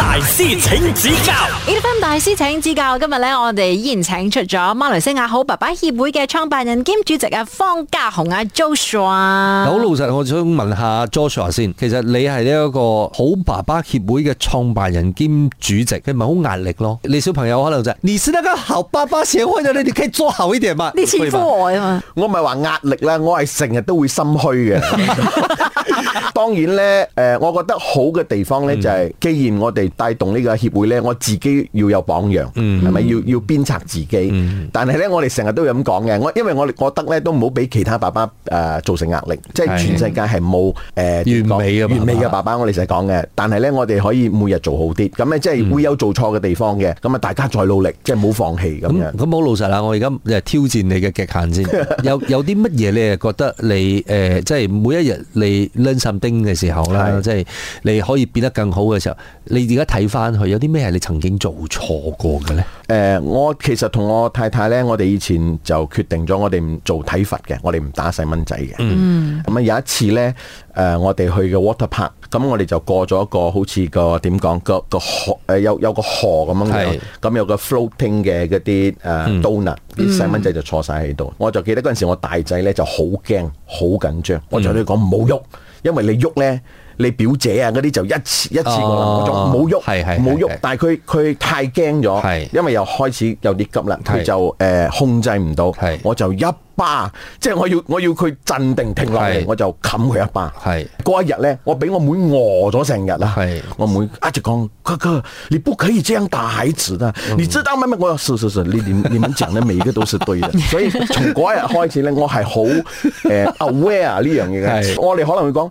大師請指教，大師請指教。今日咧，我哋依然請出咗馬來西亞好爸爸協會嘅創辦人兼主席啊，方家雄啊，Joshua 好。好老實，我想問下 Joshua 先。其實你係呢一個好爸爸協會嘅創辦人兼主席，佢咪好壓力咯？你小朋友可能就係你是那個好爸爸協會嘅，你你可以做好一點嘛、啊？你慈父啊嘛，我唔係話壓力啦，我係成日都會心虛嘅。 當然咧，誒、呃。我覺得好嘅地方咧，就係既然我哋帶動呢個協會咧，我自己要有榜樣，係咪要要鞭策自己？但係咧，我哋成日都要咁講嘅。我因為我哋覺得咧，都唔好俾其他爸爸誒造成壓力。即係全世界係冇誒完美嘅爸爸。完美嘅爸爸，我哋成日講嘅。但係咧，我哋可以每日做好啲。咁咧，即係會有做錯嘅地方嘅。咁啊，大家再努力，即係唔好放棄咁樣。咁好老實啦，我而家誒挑戰你嘅極限先。有有啲乜嘢你誒覺得你誒即係每一日你 learn something 嘅時候咧，即係。你可以變得更好嘅時候，你而家睇翻佢有啲咩係你曾經做錯過嘅咧？誒、呃，我其實同我太太咧，我哋以前就決定咗，我哋唔做體罰嘅，我哋唔打細蚊仔嘅。咁啊、嗯嗯、有一次咧，誒、呃，我哋去嘅 water park，咁、嗯、我哋就過咗一個好似、呃、個點講個個河誒，是有有個河咁樣嘅，咁有個 floating 嘅嗰啲誒，donut 啲細蚊仔就坐晒喺度。嗯、我就記得嗰陣時，我大仔咧就好驚好緊張，我就喺度講，唔好喐，因為你喐咧。你表姐啊嗰啲就一次一次過，我仲冇喐，冇喐，但係佢，佢太驚咗，因為又開始有啲急啦，佢就誒控制唔到，我就一巴，即係我要我要佢鎮定停落嚟，我就冚佢一巴。係嗰一日咧，我俾我妹餓咗成日啦。我妹一直講：哥哥，你不可以這樣打孩子啦！你知道乜乜？我係是是是，你你你們講的每一個都是對的。所以從嗰一日開始咧，我係好誒 aware 呢樣嘢嘅。我哋可能會講。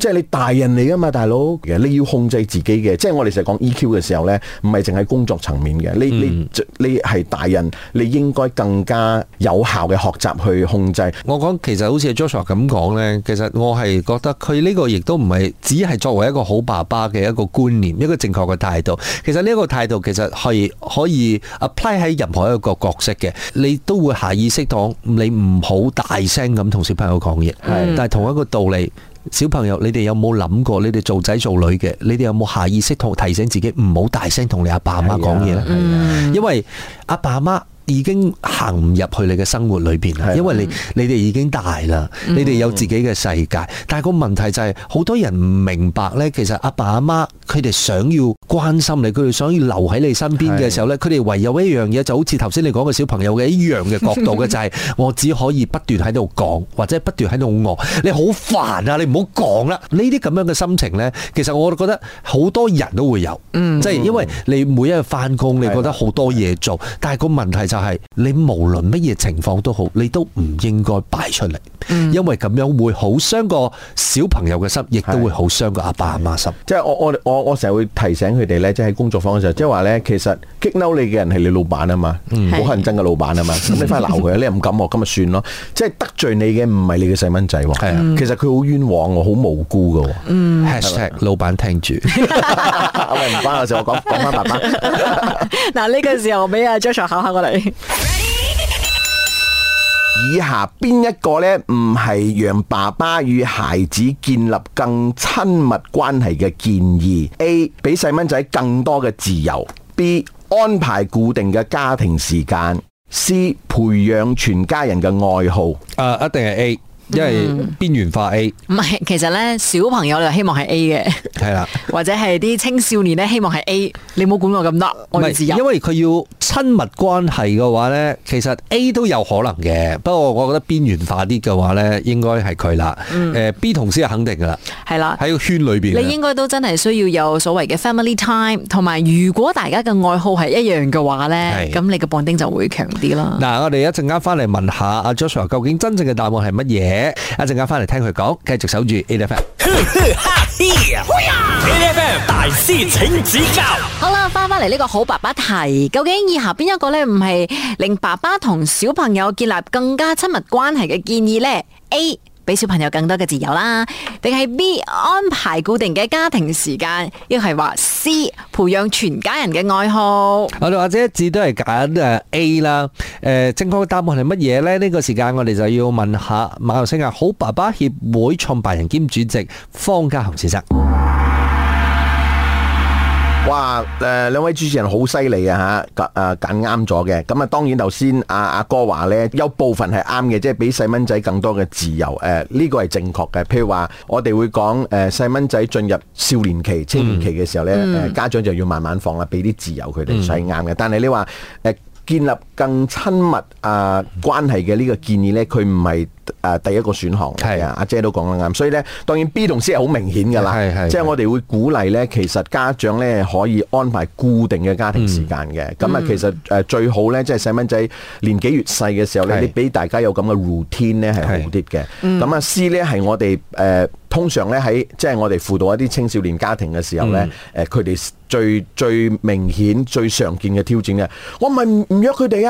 即係你大人嚟噶嘛，大佬，其實你要控制自己嘅。即係我哋成日講 EQ 嘅時候呢，唔係淨係工作層面嘅。你你你係大人，你應該更加有效嘅學習去控制。嗯、我講其實好似 Joshua 咁講呢，其實我係覺得佢呢個亦都唔係只係作為一個好爸爸嘅一個觀念，一個正確嘅態度。其實呢一個態度其實係可以，可以 apply 喺任何一個角色嘅，你都會下意識講，你唔好大聲咁同小朋友講嘢。的但係同一個道理。小朋友，你哋有冇諗過？你哋做仔做女嘅，你哋有冇下意識同提醒自己唔好大聲同你阿爸阿媽講嘢呢？啊啊、因為阿爸阿媽已經行唔入去你嘅生活裏邊啦，吧因為你你哋已經大啦，你哋有自己嘅世界。嗯、但係個問題就係，好多人唔明白呢。其實阿爸阿媽佢哋想要。關心你，佢哋想要留喺你身邊嘅時候呢，佢哋唯有一樣嘢，就好似頭先你講嘅小朋友嘅一樣嘅角度嘅、就是，就係 我只可以不斷喺度講，或者不斷喺度惡，你好煩啊！你唔好講啦。呢啲咁樣嘅心情呢，其實我覺得好多人都會有，即係、嗯、因為你每一日翻工，你覺得好多嘢做，的但係個問題就係、是、你無論乜嘢情況都好，你都唔應該擺出嚟，嗯、因為咁樣會好傷個小朋友嘅心，亦都會好傷個阿爸阿媽心。即係我我我我成日會提醒。佢哋咧即係喺工作坊嘅時候，即係話咧，其實激嬲你嘅人係你老闆啊嘛，好恨憎嘅老闆啊嘛，咁你快鬧佢啊！你又唔敢喎，咁咪算咯。即係得罪你嘅唔係你嘅細蚊仔喎，其實佢好冤枉喎，好無辜嘅喎。嗯，老闆聽住，唔關我事，我講講翻爸爸。嗱，呢個時候俾阿 Joshua 考下我嚟。以下邊一個呢？唔係讓爸爸與孩子建立更親密關係嘅建議？A 俾細蚊仔更多嘅自由，B 安排固定嘅家庭時間，C 培養全家人嘅愛好。誒，uh, 一定係 A。因為邊緣化 A 唔係，嗯，其實咧小朋友就希望係 A 嘅，係啦的，或者係啲青少年咧希望係 A，你冇管我咁多，我哋自由。因為佢要親密關係嘅話咧，其實 A 都有可能嘅，不過我覺得邊緣化啲嘅話咧，應該係佢啦。誒、嗯呃、B 同事係肯定噶啦，係啦的，喺個圈裏邊，你應該都真係需要有所謂嘅 family time，同埋如果大家嘅愛好係一樣嘅話咧，咁你嘅綁丁就會強啲啦。嗱的，我哋一陣間翻嚟問下阿 Joshua 究竟真正嘅答案係乜嘢？一陣間翻嚟聽佢講，繼續守住 A D F M。 A D F M, 大師請指教。好啦，翻翻嚟呢個好爸爸題，究竟以下邊一個呢？唔係令爸爸同小朋友建立更加親密關係嘅建議呢？A 俾小朋友更多嘅自由啦，定係 B 安排固定嘅家庭時間，亦係話 C 培養全家人嘅愛好。我哋或者一致都係揀誒 A 啦。誒，正確嘅答案係乜嘢呢？呢、呢個時間我哋就要問下馬來西亞啊！好爸爸協會創辦人兼主席方家雄先生。哇！誒、呃，兩位主持人好犀利啊吓，誒揀啱咗嘅。咁啊，當然頭先阿阿哥話呢，有部分係啱嘅，即係俾細蚊仔更多嘅自由。誒、呃，呢個係正確嘅。譬如話，我哋會講誒，細蚊仔進入少年期、青年期嘅時候呢、嗯呃，家長就要慢慢放啦，俾啲自由佢哋係啱嘅。但係你話、呃、建立。更親密啊，關係嘅呢個建議呢，佢唔係啊第一個選項嚟嘅。阿是、啊、姐都講得啱，所以呢，當然 B 同 C 係好明顯嘅啦。即係我哋會鼓勵呢，其實家長呢可以安排固定嘅家庭時間嘅。咁啊、嗯，嗯、其實誒、呃、最好呢，即係細蚊仔年紀越細嘅時候呢，是你俾大家有咁嘅 routine 呢係好啲嘅。咁啊、嗯、C 呢係我哋誒、呃、通常呢，喺即係我哋輔導一啲青少年家庭嘅時候呢，誒佢哋最最明顯、最常見嘅挑戰嘅，我唔係唔約佢哋啊！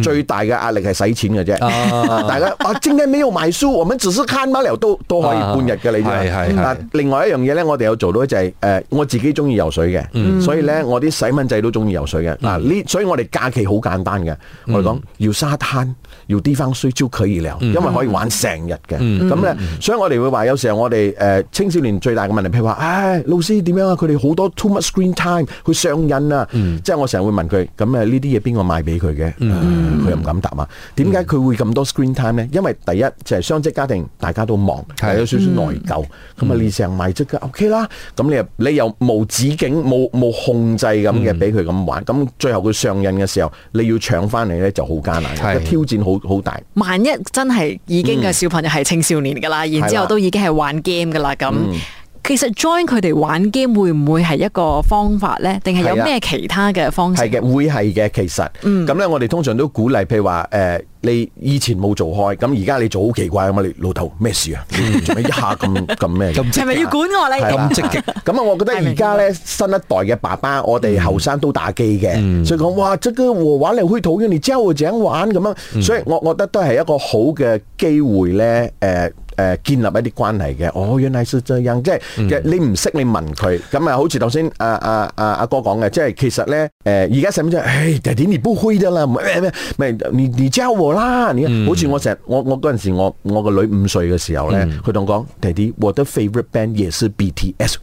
最大嘅壓力係使錢嘅啫，大家，我今天冇買書，我們只是看馬料都都可以半日嘅你哋。係係。啊，另外一樣嘢咧，我哋有做到就係誒，我自己中意游水嘅，所以咧，我啲細蚊仔都中意游水嘅嗱。呢，所以我哋假期好簡單嘅，我哋講要沙灘，要啲番水，蕉佢熱量，因為可以玩成日嘅。咁咧，所以我哋會話有時候我哋誒青少年最大嘅問題，譬如話，唉，老師點樣啊？佢哋好多 too much screen time，佢上癮啊！即係我成日會問佢，咁誒呢啲嘢邊個賣俾佢嘅？佢、mm hmm. 又唔敢答嘛？點解佢會咁多 screen time 咧？因為第一就係、是、雙職家庭，大家都忙，係的有少少內疚。咁啊、mm，hmm. 你成埋買出 O K 啦。咁你又你又無止境、冇無，無控制咁嘅俾佢咁玩。咁最後佢上癮嘅時候，你要搶翻嚟咧就好艱難，個的挑戰好好大。萬一真係已經嘅小朋友係青少年㗎啦，mm hmm. 然後之後都已經係玩 game 噶啦咁。Mm hmm. 其實 join 佢哋玩 game 會唔會係一個方法咧？定係有咩其他嘅方式？係嘅，會係嘅。其實，咁咧我哋通常都鼓勵，譬如話誒，你以前冇做開，咁而家你做好奇怪啊嘛！你老豆咩事啊？做咩一下咁咁咩？係咪要管我咧？咁積極，咁啊？我覺得而家咧新一代嘅爸爸，我哋後生都打機嘅，所以講哇，即係我玩嚟虛度嘅，你之後就玩咁啊！所以我我覺得都係一個好嘅機會咧，誒。誒建立一啲關係嘅，哦，原來是這樣，即係你唔識你問佢，咁啊，好似頭先阿阿阿阿哥講嘅，即係其實咧，誒而家成日，誒爹哋你唔開啫啦，唔係唔係唔係，你你教我啦，你啊，好似我成日我我嗰陣時，我我個女五歲嘅時候咧，佢同我講，爹哋，我的 favorite band 也是 BTS，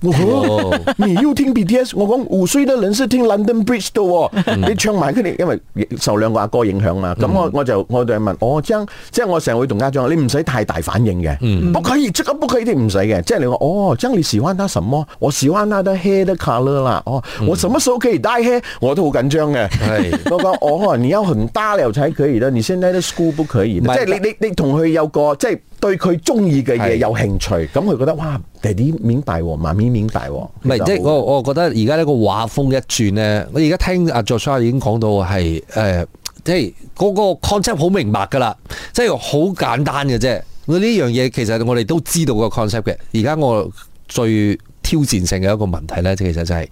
你又聽 BTS，我講五歲嘅人是聽 London Bridge 的喎，你唱埋佢哋，因為受兩個阿哥影響啊，咁我我就我就問我將，即係我成日會同家長，你唔使太大反應嘅。嗯，mm hmm. 不可以，即、這、係個不可以，啲唔使嘅。即係你話，哦，即係你喜歡他什麼？我喜歡他的 hair 的 colour 啦。哦，mm hmm. 我什麼時候可以 dye hair？我都好緊張嘅。係，我講，哦，你要紅 die 了才可以的。你先 die the school 不可以不是即。即係你你你同佢有個即係對佢中意嘅嘢有興趣，咁佢是覺得哇，爹哋面大喎，媽咪面大喎。唔係，即係我我覺得而家呢個畫風一轉咧，我而家聽阿 Joshua 已經講到係誒、呃，即係嗰個 concept 好明白噶啦，即係好簡單嘅啫。我呢樣嘢，其實我哋都知道個 concept 嘅。而家我最挑戰性嘅一個問題咧，其實就係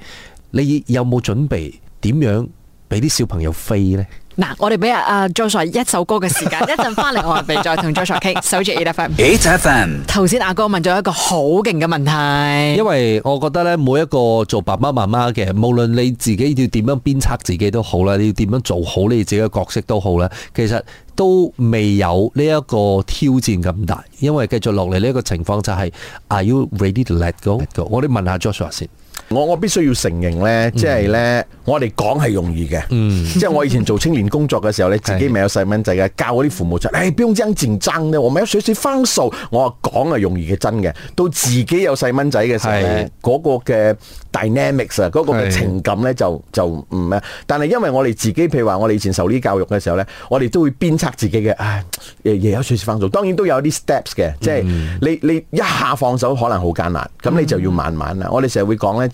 你有冇準備點樣俾啲小朋友飛咧？嗱，我哋俾阿阿 Joshua 一首歌嘅時間，一陣翻嚟我哋再同 Joshua 傾。首句 eight n t 頭先阿哥問咗一個好勁嘅問題， 因為我覺得咧，每一個做爸爸媽媽嘅，無論你自己要點樣鞭策自己都好啦，你要點樣做好你自己嘅角色都好啦，其實都未有呢一個挑戰咁大，因為繼續落嚟呢一個情況就係、是、Are you ready to let go？Let go. 我哋問下 Joshua 先。我我必須要承認咧，即係咧，我哋講係容易嘅，嗯、即係我以前做青年工作嘅時候咧，自己未有細蚊仔嘅，是的 教嗰啲父母出就不用爭戰爭呢。我未有小小放手，我話講係容易嘅，真嘅。到自己有細蚊仔嘅時候咧，嗰是的 個嘅 dynamics 啊，嗰個嘅情感咧就是的 就唔咩。但係因為我哋自己，譬如話我哋以前受呢教育嘅時候咧，我哋都會鞭策自己嘅，唉，亦有小小放手。當然都有啲 steps 嘅，即係、嗯、你你一下放手可能好艱難，咁、嗯、你就要慢慢啦。我哋成日會講咧，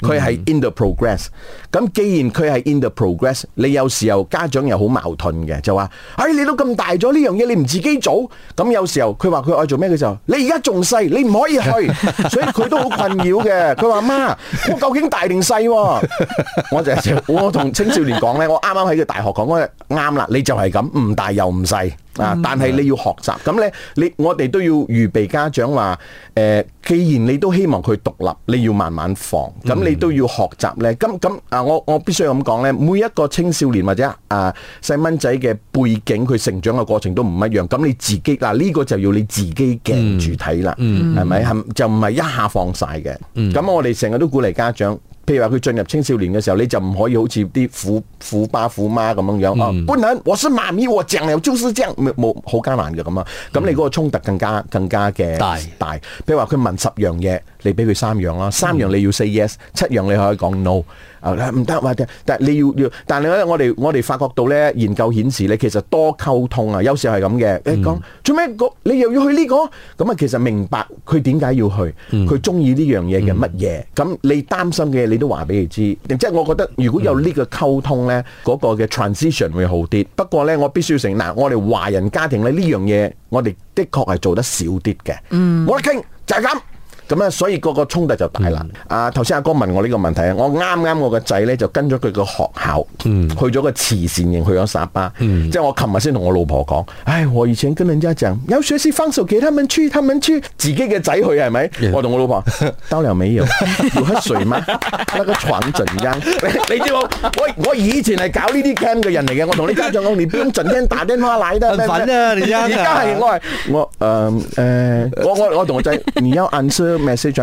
佢係 in the progress，咁既然佢係 in the progress，你有時候家長又好矛盾嘅，就話：哎，你都咁大咗呢樣嘢，你唔自己做，咁有時候佢話佢愛做咩嘅時候，佢就你而家仲細，你唔可以去，所以佢都好困擾嘅。佢話：媽，我究竟大定細？我就我同青少年講呢，我啱啱喺個大學講嗰日啱啦，你就係咁，唔大又唔細。啊！但係你要學習，咁呢，你我哋都要預備家長話，誒、呃，既然你都希望佢獨立，你要慢慢放，咁你都要學習呢。咁咁啊，我我必須要咁講呢，每一個青少年或者啊細蚊仔嘅背景，佢成長嘅過程都唔一樣。咁你自己嗱呢、這個就要你自己鏡住睇啦，係咪、嗯？係就唔係一下放晒嘅。咁、嗯、我哋成日都鼓勵家長。譬如話佢進入青少年嘅時候，你就唔可以好似啲虎虎爸虎媽咁樣樣啊！不能，我是媽咪，我講了就是這樣，冇冇好艱難嘅咁啊！咁你嗰個衝突更加更加嘅大大。譬如話佢問十樣嘢，你俾佢三樣啦，三樣你要 say yes，七樣你可以講 no 啊！唔得，但係但係你要要，但係咧我哋我哋發覺到咧，研究顯示咧其實多溝通啊，有時候係咁嘅。你講做咩個？你又要去呢個？咁啊，其實明白佢點解要去，佢中意呢樣嘢嘅乜嘢？咁你擔心嘅你。都話俾佢知，即係我覺得如果有呢個、mm. 個溝通咧，嗰個嘅 transition 會好啲。不過咧，我必須要承嗱，我哋華人家庭咧呢樣嘢，我哋的確係做得少啲嘅。嗯、mm.，我哋傾就係、是、咁。咁啊，所以嗰個衝突就大啦。啊，頭先阿哥問我呢個問題啊，我啱啱我個仔咧就跟咗佢個學校去咗個慈善營去咗沙巴，即係我琴日先同我老婆講，唉，我以前跟人家講，有小事放手給他們出，他們去自己嘅仔去係咪？我同我老婆都有沒有？要喝水嗎？那個床枕巾，你知冇？我我以前係搞呢啲 game 嘅人嚟嘅，我同你家長講，你邊陣間打電話嚟得很煩啊！而家而係我係我我我同我仔你要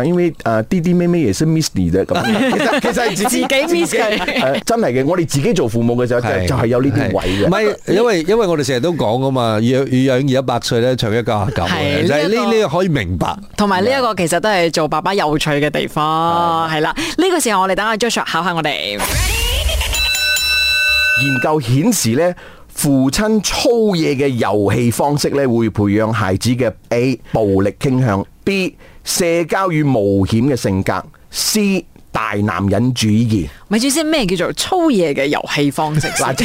因為誒啲啲咩咩嘢識 miss 嘅啫，咁其實其實係自己， 己 miss 嘅、呃，真係嘅。我哋自己做父母嘅時候就係、的就係有呢啲位嘅。唔係，因為因為我哋成日都講噶嘛，要養兒一百歲咧，長一教下教嘅。呢呢個可以明白，同埋呢一個其實都係做爸爸有趣嘅地方，係啦的。呢的、呢個時候我哋等阿 Josh 考，考下我哋。研究顯示咧，父親粗野嘅遊戲方式咧，會培養孩子嘅 A 暴力傾向，B。社交與冒險嘅性格，C 大男人主義。咪住先，咩叫做粗野嘅遊戲方式？嗱， 即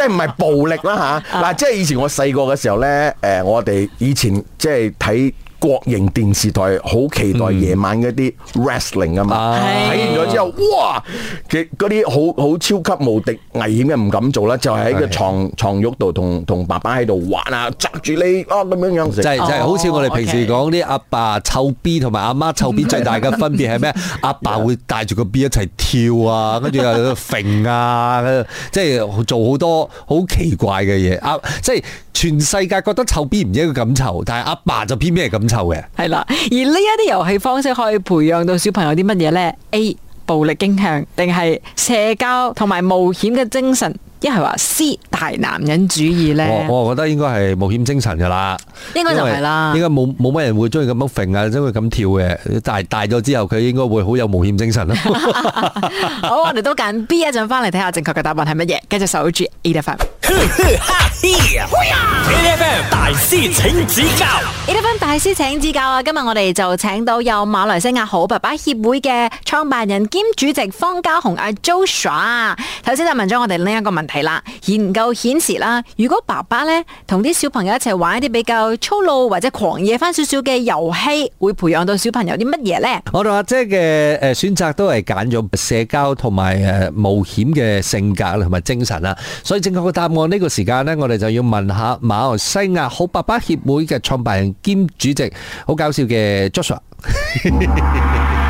係唔係暴力啦吓。嗱、啊，啊、即係以前我細個嘅時候咧，誒、呃，我哋以前即係睇。國營電視台好期待，嗯、夜晚啲 wrestling 啊嘛，睇完咗之後，哇！嗰啲好好超級無敵危險嘅唔敢做啦，就喺、是、個床床褥度同同爸爸喺度玩啊，扎住你啊咁樣，樣、就是，就係就係好似我哋平時講啲阿爸，爸臭 B 同埋阿媽臭 B 最大嘅分別係咩？阿 爸，爸會帶住個 B 一齊跳啊，跟住又揈啊，即係、 就是、做好多好奇怪嘅嘢。啊，即、就、係、是、全世界覺得臭 B 唔應該咁臭，但係阿爸，爸就偏偏係咁。係啦，而呢一啲遊戲方式可以培養到小朋友啲乜嘢咧？A 暴力傾向，定係社交同埋冒險嘅精神？一係話 C 大男人主義咧，我我覺得應該係冒險精神噶啦，應該就係啦，應該冇冇乜人會中意咁樣揈啊，中意咁跳嘅，大大咗之後佢應該會好有冒險精神咯。 好，我哋都揀 B 一陣翻嚟睇下正確嘅答案係乜嘢，繼續守住 A.F.M. A.F.M. 大師請指教，A.F.M. 大師請指教啊！今日我哋就請到有馬來西亞好爸爸協會嘅創辦人兼主席方家鴻阿 Joshua，頭先就問咗我哋另一個問題。係啦，研究顯示啦，如果爸爸呢同啲小朋友一齊玩一啲比較粗魯或者狂野翻少少嘅遊戲，會培養到小朋友啲乜嘢呢？我同阿姐嘅誒選擇都係揀咗社交同埋誒冒險嘅性格同埋精神啦，所以正確嘅答案呢個時間呢，我哋就要問下馬來西亞好爸爸協會嘅創辦人兼主席，好搞笑嘅 Joshua。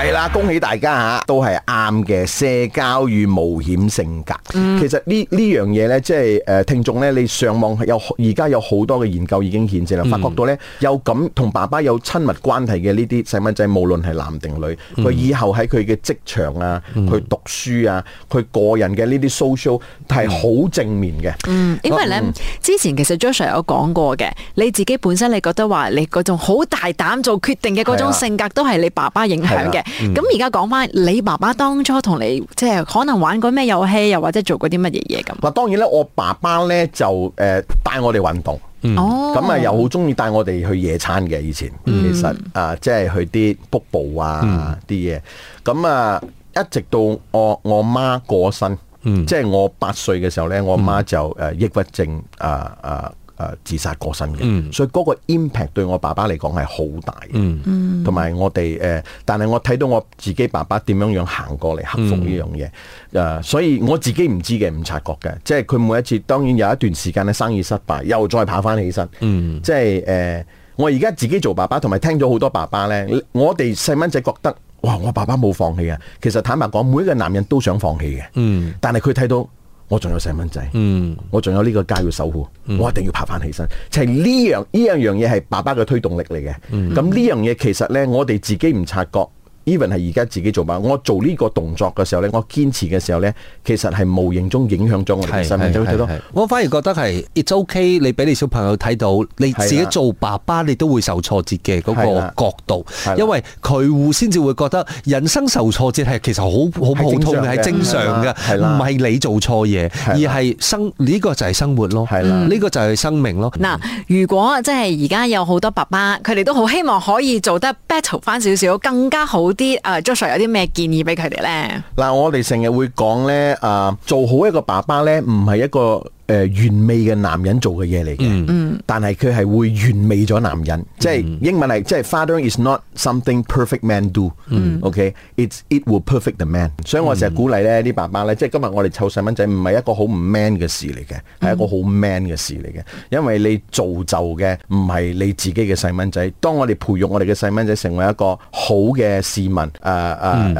係啦，恭喜大家嚇，都係啱嘅社交與冒險性格。嗯、其實呢呢樣嘢咧，即係誒聽眾咧，你上網有而家有好多嘅研究已經顯示啦，發覺到咧有咁同爸爸有親密關係嘅呢啲細蚊仔，無論係男定女，佢以後喺佢嘅職場啊、去讀書啊、佢個人嘅呢啲 social 係好正面嘅，嗯。因為咧，嗯、之前其實 Joshua、er、有講過嘅，你自己本身你覺得話你嗰種好大膽做決定嘅嗰種性格，都係你爸爸影響嘅。咁而家講翻，你爸爸當初同你即係可能玩過咩遊戲，又或者做過啲乜嘢嘢咁？嗱，當然咧，我爸爸咧就誒、呃、帶我哋運動，咁啊、嗯嗯、又好中意帶我哋去野餐嘅以前，嗯、其實啊、呃、即係去啲瀑布啊啲嘢，咁啊、嗯呃、一直到我我媽過身，嗯、即係我八歲嘅時候咧，我媽就誒抑鬱症啊啊！呃呃呃誒自殺過身嘅，嗯、所以嗰個 impact 對我爸爸嚟講係好大嘅，同埋、嗯、我哋誒、呃。但係我睇到我自己爸爸點樣樣行過嚟克服呢樣嘢，誒、嗯呃，所以我自己唔知嘅，唔察覺嘅。即係佢每一次，當然有一段時間咧，生意失敗，又再跑翻起身。嗯、即係誒、呃，我而家自己做爸爸，同埋聽咗好多爸爸呢，嗯、我哋細蚊仔覺得哇，我爸爸冇放棄啊！其實坦白講，每一個男人都想放棄嘅，但係佢睇到。我仲有細蚊仔，嗯、我仲有呢個家要守護，嗯、我一定要爬翻起身。就係、是、呢樣呢樣嘢係爸爸嘅推動力嚟嘅。咁呢、嗯、樣嘢其實咧，我哋自己唔察覺。even 係而家自己做爸爸，我做呢個動作嘅時候咧，我堅持嘅時候咧，其實係無形中影響咗我哋嘅生命。是是是是是我反而覺得係，it’s ok。你俾你小朋友睇到，你自己做爸爸，你都會受挫折嘅嗰個角度，因為佢先至會覺得人生受挫折係其實好好普通嘅，係正常嘅，唔係吧你做錯嘢，吧而係生呢個就係生活咯。呢個就係生命咯。嗱、嗯，如果即係而家有好多爸爸，佢哋都好希望可以做得 battle 翻少少，更加好。啲啊 Joshua 有啲咩建議俾佢哋咧？嗱，我哋成日會講咧，啊、呃，做好一個爸爸咧，唔係一個。誒，完美嘅男人做嘅嘢嚟嘅，但係佢係會完美咗男人，即係英文係即係 father is not something perfect man do，嗯，OK，it's it will perfect the man。所以我成日鼓勵咧啲爸爸咧，即係今日我哋湊細蚊仔唔係一個好唔 man 嘅事嚟嘅，係一個好 man 嘅事嚟嘅，因為你造就嘅唔係你自己嘅細蚊仔，當我哋培育我哋嘅細蚊仔成為一個好嘅市民，誒誒誒，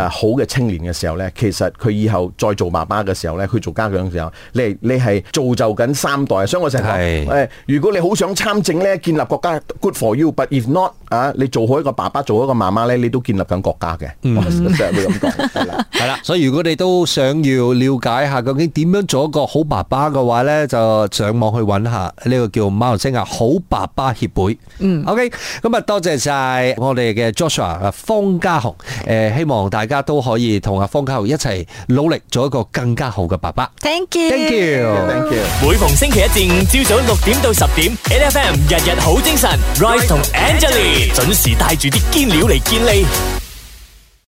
好嘅青年嘅時候咧，其實佢以後再做爸爸嘅時候咧，去做家長嘅時候，你你係做。就緊三代啊，所以我成日誒，如果你好想參政咧，建立國家；good for you，but if not，啊，你做好一個爸爸，做一個媽媽咧，你都建立緊國家嘅。嗯，成日會咁講，係啦，係啦。所以如果你都想要了解下究竟點樣做一個好爸爸嘅話咧，就上網去揾下呢個叫馬來西亞好爸爸協會。嗯，OK。咁啊，多謝曬我哋嘅 Joshua 啊，方家豪。誒，希望大家都可以同阿方家豪一齊努力做一個更加好嘅爸爸。Thank you，thank you，thank you。每逢星期一至五朝早六點到十點，N F M 日日好精神，Rise 同 Angelie 準時帶住啲堅料嚟見你。